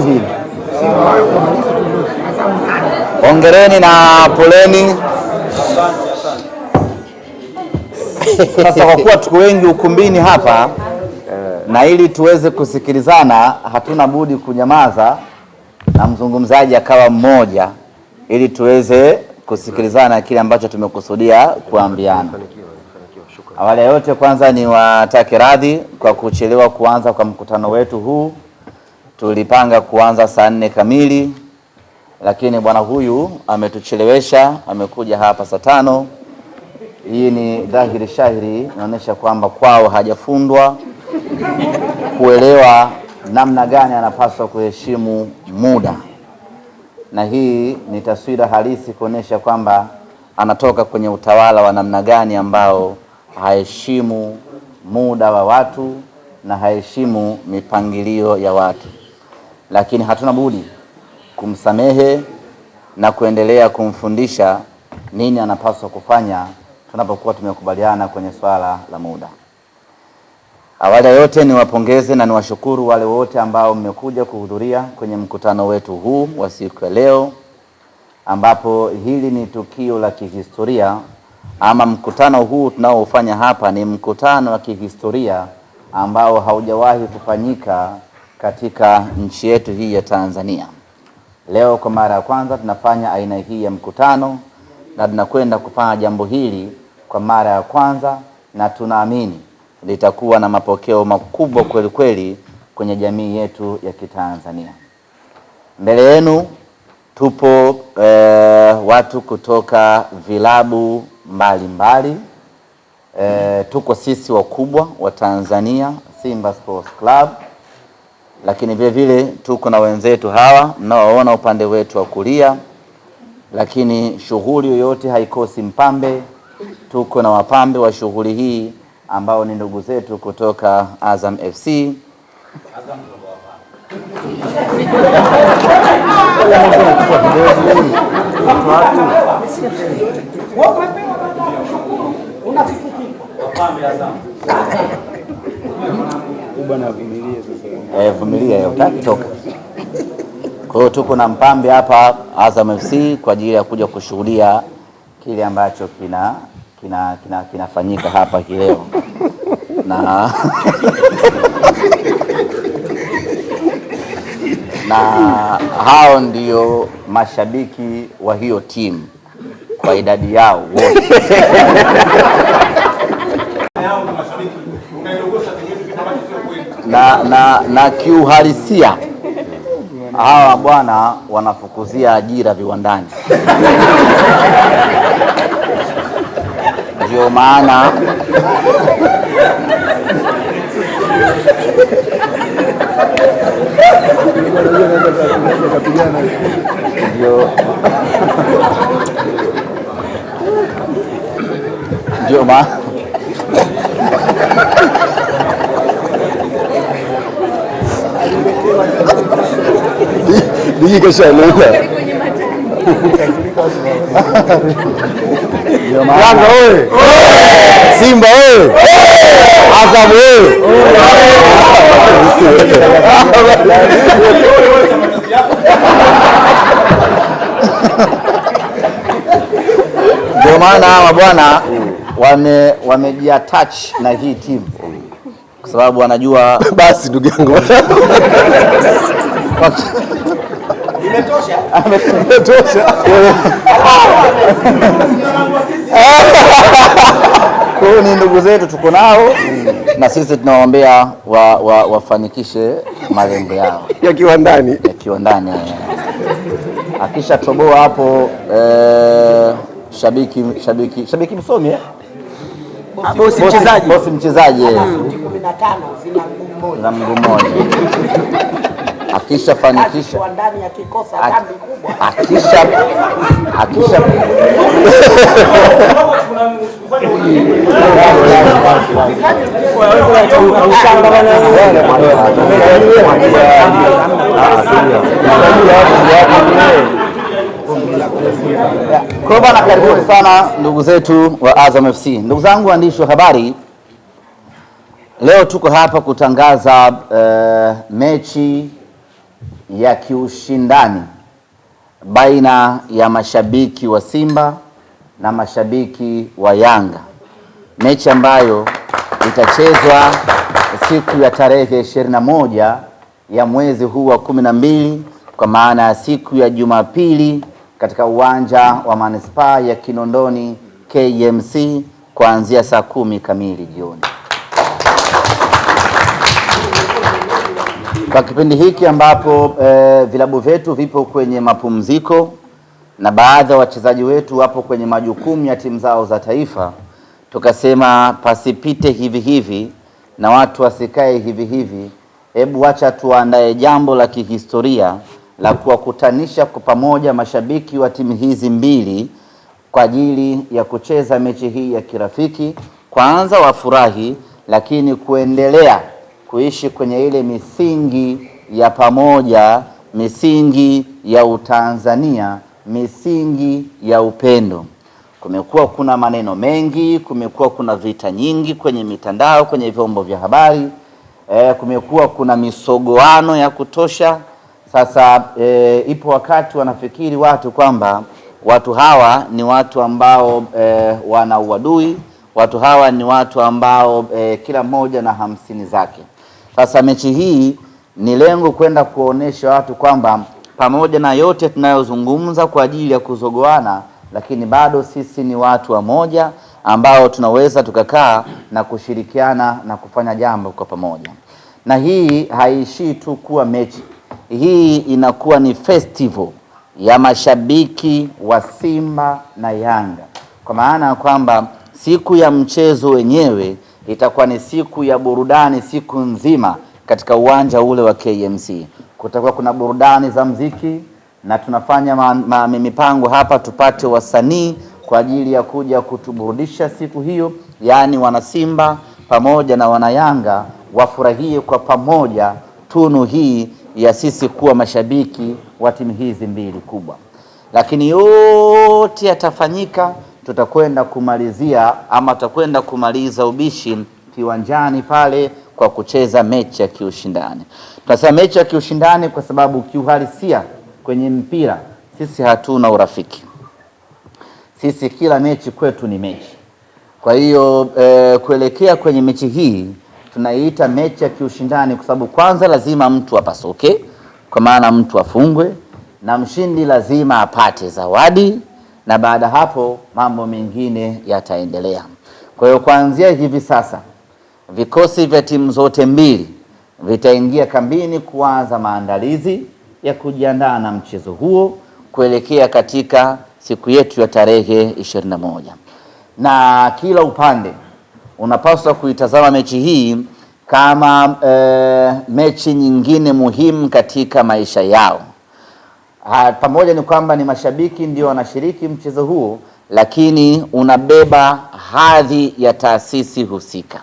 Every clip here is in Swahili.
juzi. ongereni na poleni. Sasa kwa kuwa tuko wengi ukumbini hapa na ili tuweze kusikilizana, hatuna budi kunyamaza na mzungumzaji akawa mmoja, ili tuweze kusikilizana kile ambacho tumekusudia kuambiana. Awali ya yote, kwanza ni watake radhi kwa kuchelewa kuanza kwa mkutano wetu huu tulipanga kuanza saa nne kamili, lakini bwana huyu ametuchelewesha, amekuja hapa saa tano. Hii ni dhahiri shahiri inaonyesha kwamba kwao hajafundwa kuelewa namna gani anapaswa kuheshimu muda, na hii ni taswira halisi kuonyesha kwamba anatoka kwenye utawala wa namna gani ambao haheshimu muda wa watu na haheshimu mipangilio ya watu lakini hatuna budi kumsamehe na kuendelea kumfundisha nini anapaswa kufanya tunapokuwa tumekubaliana kwenye swala la muda. Awali ya yote niwapongeze na niwashukuru wale wote ambao mmekuja kuhudhuria kwenye mkutano wetu huu wa siku ya leo, ambapo hili ni tukio la kihistoria ama mkutano huu tunaoufanya hapa ni mkutano wa kihistoria ambao haujawahi kufanyika katika nchi yetu hii ya Tanzania. Leo kwa mara ya kwanza tunafanya aina hii ya mkutano na tunakwenda kufanya jambo hili kwa mara ya kwanza, na tunaamini litakuwa na mapokeo makubwa kweli kweli kwenye jamii yetu ya Kitanzania. Mbele yenu tupo eh, watu kutoka vilabu mbalimbali mbali. Eh, tuko sisi wakubwa wa Tanzania Simba Sports Club lakini vile vile tuko na wenzetu hawa mnaoona upande wetu wa kulia, lakini shughuli yoyote haikosi mpambe. Tuko na wapambe wa shughuli hii ambao ni ndugu zetu kutoka Azam FC yayavumilia yatakitoka. Kwa hiyo tuko na mpambe hapa Azam FC kwa ajili ya kuja kushuhudia kile ambacho kina kina kinafanyika hapa kileo na na hao ndio mashabiki wa hiyo timu kwa idadi yao wote. na, na, na kiuhalisia hawa bwana wanafukuzia ajira viwandani ndio maana ndio maana Miji keshaeleweka Yanga oye! Simba oye! Azam oye! Ndio maana hawa bwana wame wamejiatach na hii timu kwa sababu wanajua. Basi ndugu yangu Ametosha. Kwa hiyo ni ndugu zetu tuko nao na sisi tunawaombea wa, wa, wafanikishe malengo yao yakiwa ndani yakiwa ndani akisha toboa hapo eh, shabiki shabiki shabiki msomi eh? Bosi mchezaji bosi mchezaji 15 eh. zina mguu mmoja akishafanikisha kwa bwana, karibuni sana ndugu zetu wa Azam FC. Ndugu zangu waandishi wa habari, leo tuko hapa kutangaza uh, mechi ya kiushindani baina ya mashabiki wa Simba na mashabiki wa Yanga, mechi ambayo itachezwa siku ya tarehe moja ya mwezi huu wa mbili kwa maana ya siku ya Jumapili katika uwanja wa manispaa ya Kinondoni KMC kuanzia saa kumi kamili jioni. Kwa kipindi hiki ambapo e, vilabu vyetu vipo kwenye mapumziko na baadhi ya wachezaji wetu wapo kwenye majukumu ya timu zao za taifa, tukasema pasipite hivi hivi na watu wasikae hivi hivi. Hebu wacha tuandae jambo la kihistoria la kuwakutanisha kwa pamoja mashabiki wa timu hizi mbili kwa ajili ya kucheza mechi hii ya kirafiki, kwanza wafurahi, lakini kuendelea kuishi kwenye ile misingi ya pamoja, misingi ya Utanzania, misingi ya upendo. Kumekuwa kuna maneno mengi, kumekuwa kuna vita nyingi kwenye mitandao, kwenye vyombo vya habari e, kumekuwa kuna misogoano ya kutosha. Sasa e, ipo wakati wanafikiri watu kwamba watu hawa ni watu ambao e, wana uadui, watu hawa ni watu ambao e, kila mmoja na hamsini zake. Sasa mechi hii ni lengo kwenda kuonesha watu kwamba pamoja na yote tunayozungumza kwa ajili ya kuzogoana, lakini bado sisi ni watu wamoja ambao tunaweza tukakaa na kushirikiana na kufanya jambo kwa pamoja, na hii haishii tu kuwa mechi. Hii inakuwa ni festival ya mashabiki wa Simba na Yanga, kwa maana ya kwamba siku ya mchezo wenyewe itakuwa ni siku ya burudani siku nzima katika uwanja ule wa KMC. Kutakuwa kuna burudani za mziki na tunafanya ma, ma, mipango hapa tupate wasanii kwa ajili ya kuja kutuburudisha siku hiyo, yaani wanasimba pamoja na wanayanga wafurahie kwa pamoja tunu hii ya sisi kuwa mashabiki wa timu hizi mbili kubwa, lakini yote yatafanyika tutakwenda kumalizia ama tutakwenda kumaliza ubishi kiwanjani pale kwa kucheza mechi ya kiushindani. Tunasema mechi ya kiushindani kwa sababu kiuhalisia, kwenye mpira sisi hatuna urafiki, sisi kila mechi kwetu ni mechi. Kwa hiyo e, kuelekea kwenye mechi hii tunaiita mechi ya kiushindani kwa sababu kwanza lazima mtu apasuke, kwa maana mtu afungwe, na mshindi lazima apate zawadi na baada hapo mambo mengine yataendelea. Kwa hiyo kuanzia hivi sasa vikosi vya timu zote mbili vitaingia kambini kuanza maandalizi ya kujiandaa na mchezo huo kuelekea katika siku yetu ya tarehe 21, na kila upande unapaswa kuitazama mechi hii kama e, mechi nyingine muhimu katika maisha yao ha, pamoja ni kwamba ni mashabiki ndio wanashiriki mchezo huu, lakini unabeba hadhi ya taasisi husika.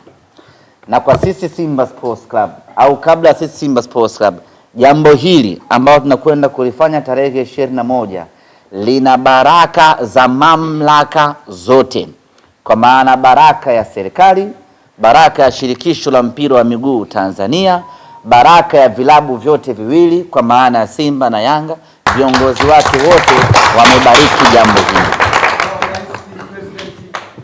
Na kwa sisi Simba Sports Club au kabla sisi Simba Sports Club, jambo hili ambalo tunakwenda kulifanya tarehe ishirini na moja lina baraka za mamlaka zote, kwa maana baraka ya serikali, baraka ya shirikisho la mpira wa miguu Tanzania, baraka ya vilabu vyote viwili kwa maana ya Simba na Yanga viongozi wake wote wamebariki jambo hili.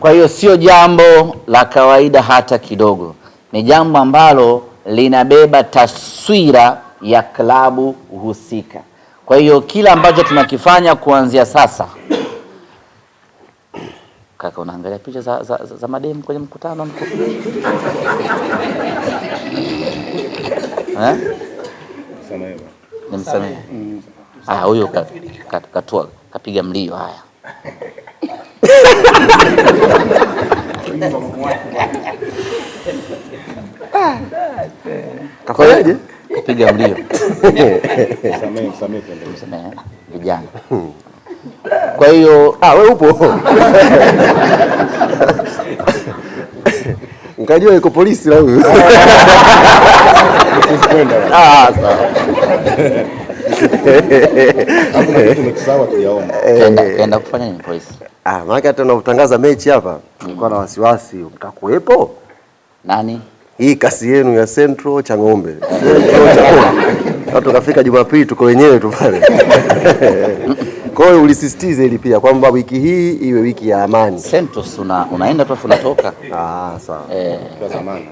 Kwa hiyo sio jambo la kawaida hata kidogo, ni jambo ambalo linabeba taswira ya klabu husika. Kwa hiyo kila ambacho tunakifanya kuanzia sasa Kaka, unaangalia picha za, za, za mademu kwenye mkutano mku... eh? msamehe Haya, huyo katua kapiga mlio. Haya, kafanyaje? Kapiga mlio. vijana. Kwa hiyo wewe ah, upo nkajua yuko polisi la huyu. Ah, maanake hata unavyotangaza mechi hapa nilikuwa mm. na wasiwasi mtakuwepo nani, hii kasi yenu ya Central cha ng'ombe tukafika Jumapili tuko wenyewe tu pale Kwa hiyo ulisisitiza ili pia kwamba wiki hii iwe wiki ya amani. Sentos una, unaenda tu unatoka. Ah, sawa. Eh,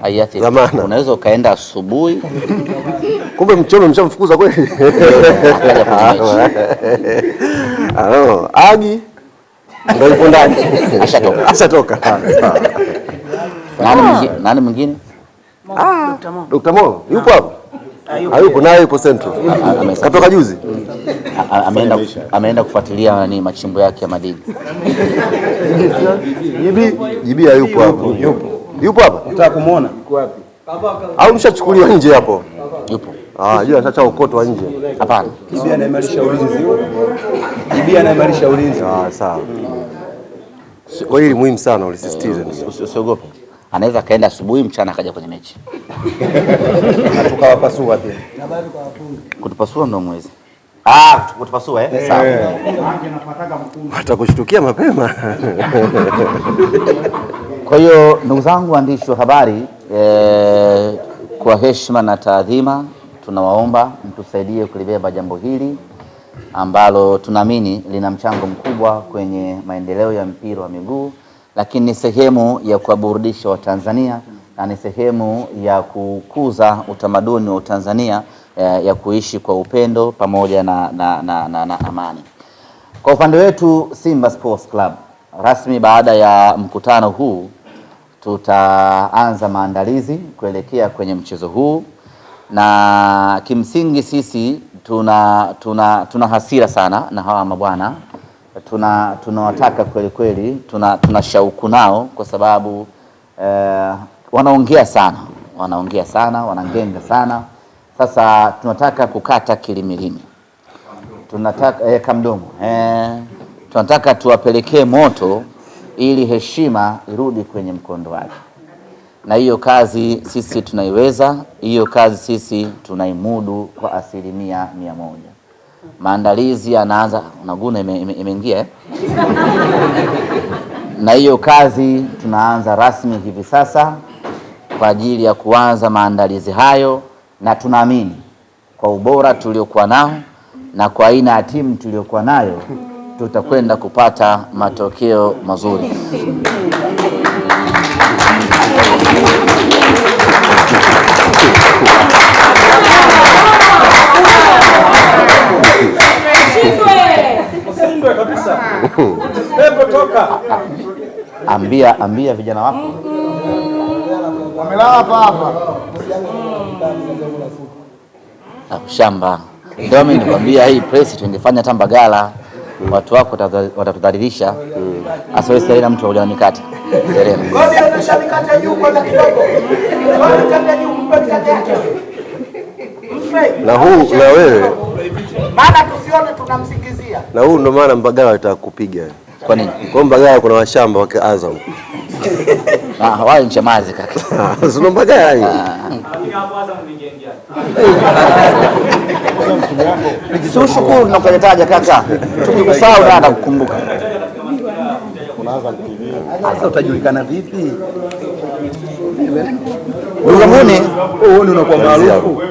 hayati unaweza ukaenda asubuhi. Kumbe mchome mshamfukuza kweli. Ah, oh, agi ndio yupo ndani. Ashatoka. Ashatoka. mwingine? Nani mwingine? Ah, Dr. Mo. Dr. Mo yupo ah. hapo hayupo naye yupo Central, ah, ah, katoka juzi, ameenda ameenda kufuatilia nani machimbo yake ya madini. Jibi hayupo hapo, yupo yupo hapa, nataka kumuona au mshachukuliwa nje hapo? Yupo Ah, ukoto wa nje? Hapana, Jibi anaimarisha ulinzi, Jibi anaimarisha ulinzi. Ah, Sawa, kwa hili muhimu sana ulisisitiza, usiogope anaweza akaenda asubuhi, mchana akaja kwenye mechi tukawapasua kutupasua ndo mwezi ah, ah, kutupasua eh? eh. Sawa. Watakushtukia mapema. Kwa hiyo ndugu zangu waandishi wa habari eh, kwa heshima na taadhima tunawaomba mtusaidie kulibeba jambo hili ambalo tunaamini lina mchango mkubwa kwenye maendeleo ya mpira wa miguu lakini ni sehemu ya kuwaburudisha Watanzania na ni sehemu ya kukuza utamaduni wa tanzania eh, ya kuishi kwa upendo pamoja na, na, na, na, na amani. Kwa upande wetu Simba Sports Club rasmi, baada ya mkutano huu tutaanza maandalizi kuelekea kwenye mchezo huu, na kimsingi sisi tuna, tuna, tuna hasira sana na hawa mabwana tuna tunawataka kweli kweli, tuna, tuna shauku nao kwa sababu eh, wanaongea sana wanaongea sana wanangenga sana. Sasa tunataka kukata kilimilimi, tunataka eh, kamdomo eh, tunataka tuwapelekee moto ili heshima irudi kwenye mkondo wake, na hiyo kazi sisi tunaiweza, hiyo kazi sisi tunaimudu kwa asilimia mia moja maandalizi anaanza, naguna imeingia ime, ime eh? na hiyo kazi tunaanza rasmi hivi sasa kwa ajili ya kuanza maandalizi hayo, na tunaamini kwa ubora tuliokuwa nao na kwa aina ya timu tuliokuwa nayo tutakwenda kupata matokeo mazuri. ambia, ambia vijana wako wamelala hapa hapa na kushamba. Ndio mimi nikwambia hii press tungefanya tamba gala, watu wako watatudhalilisha. sasa, ina mtu na mikate na huu na wewe, maana tusione tunamsingizia, na huu ndo maana Mbagala watakupiga kwa nini? Kwa Mbagala kuna washamba wake Azam. Ah, wao ni chamazi kaka. Sio Mbagala Sio shukuru na kujitaja kaka. Tukikusahau hata kukumbuka. Sasa utajulikana vipi? wewe unakuwa maarufu.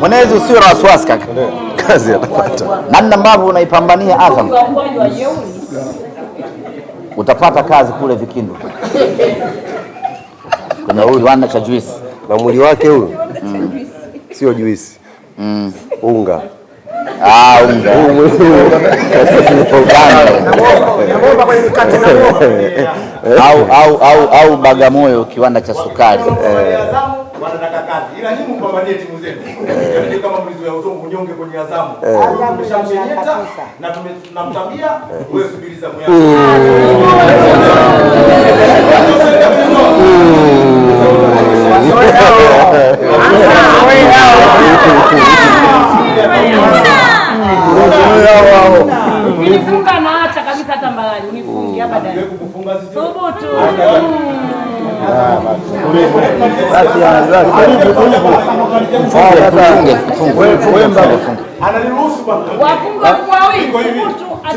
Mwenyezi usio na wasiwasi kaka, kazi atapata. Namna ambavyo unaipambania Azam utapata kazi kule Vikindu kwenye kiwanda cha juisi. Na mwili wake huyu mm. sio juisi Mm. unga Ah, unga. au, Bagamoyo kiwanda cha sukari Nifunga na acha kabisa tambalani, unifunge hapa ndani. Thubutu. Wafunga kwa wingi.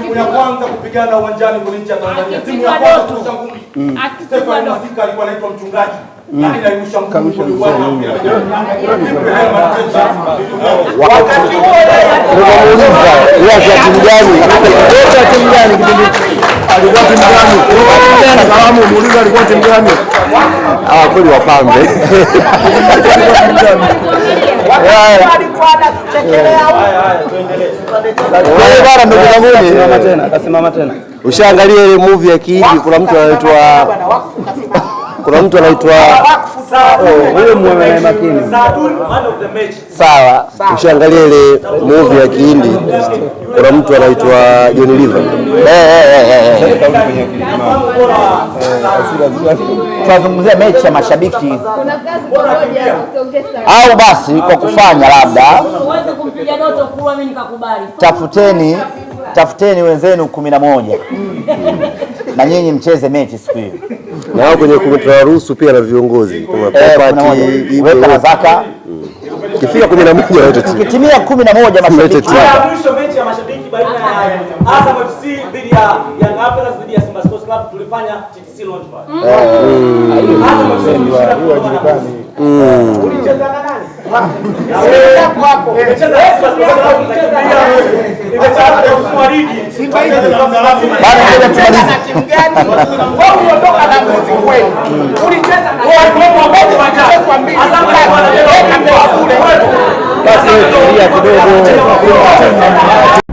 Timu ya kwanza kupigana uwanjani Tanzania. Timu ya kwanza alikuwa anaitwa mchungaji kweli wapambe ushaangalia ile movie ya kuna mtu anaitwa kuna mtu anaitwa oh, oh, huyo makini sawa. Ushangalie ile movie ya Kihindi, kuna mtu anaitwa Johnny Lever. Eh, eh, eh, Tunazungumzia mechi ya mashabiki au basi, kwa kufanya labda tafuteni tafuteni wenzenu kumi na moja na nyinyi mcheze mechi siku hiyo. Na wao kwenye kumtaruhusu pia na viongozi eh, kama weka hazaka mm. kifika kumi na moja tu. Kitimia kumi na moja mashabiki mwisho mechi ya mashabiki baina ya Azam FC dhidi ya Young Africans dhidi ya Simba Sports Club tulifanya TTC Ulicheza na nani? Basi kidogo